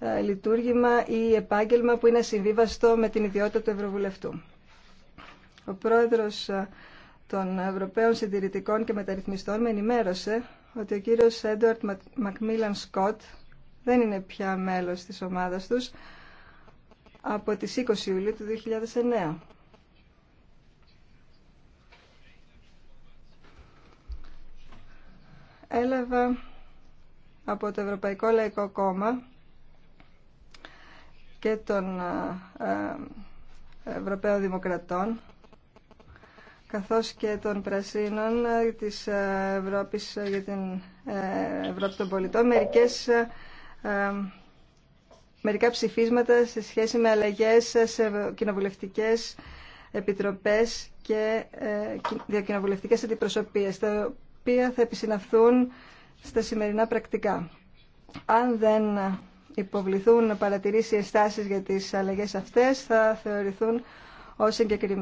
Ε, λειτουργήμα ή επάγγελμα που είναι συμβίβαστο με την ιδιότητα του Ευρωβουλευτού. Ο πρόεδρος ε, των Ευρωπαίων Συντηρητικών και Μεταρρυθμιστών με ενημέρωσε ότι ο κύριος Έντουαρτ Μακμίλαν Σκοτ δεν είναι πια μέλος της ομάδας τους από τις 20 Ιουλίου του 2009. Έλαβα από το Ευρωπαϊκό Λαϊκό Κόμμα και των ε, ε, Ευρωπαίων Δημοκρατών καθώς και των Πρασίνων ε, της Ευρώπης για την Ευρώπη των Πολιτών μερικές, μερικά ψηφίσματα σε σχέση με αλλαγές σε κοινοβουλευτικές επιτροπές και διακοινοβουλευτικές αντιπροσωπείες τα οποία θα επισυναφθούν στα σημερινά πρακτικά. Αν δεν υποβληθούν παρατηρήσεις ή για τις αλλαγές αυτές θα θεωρηθούν ως εγκεκριμένες.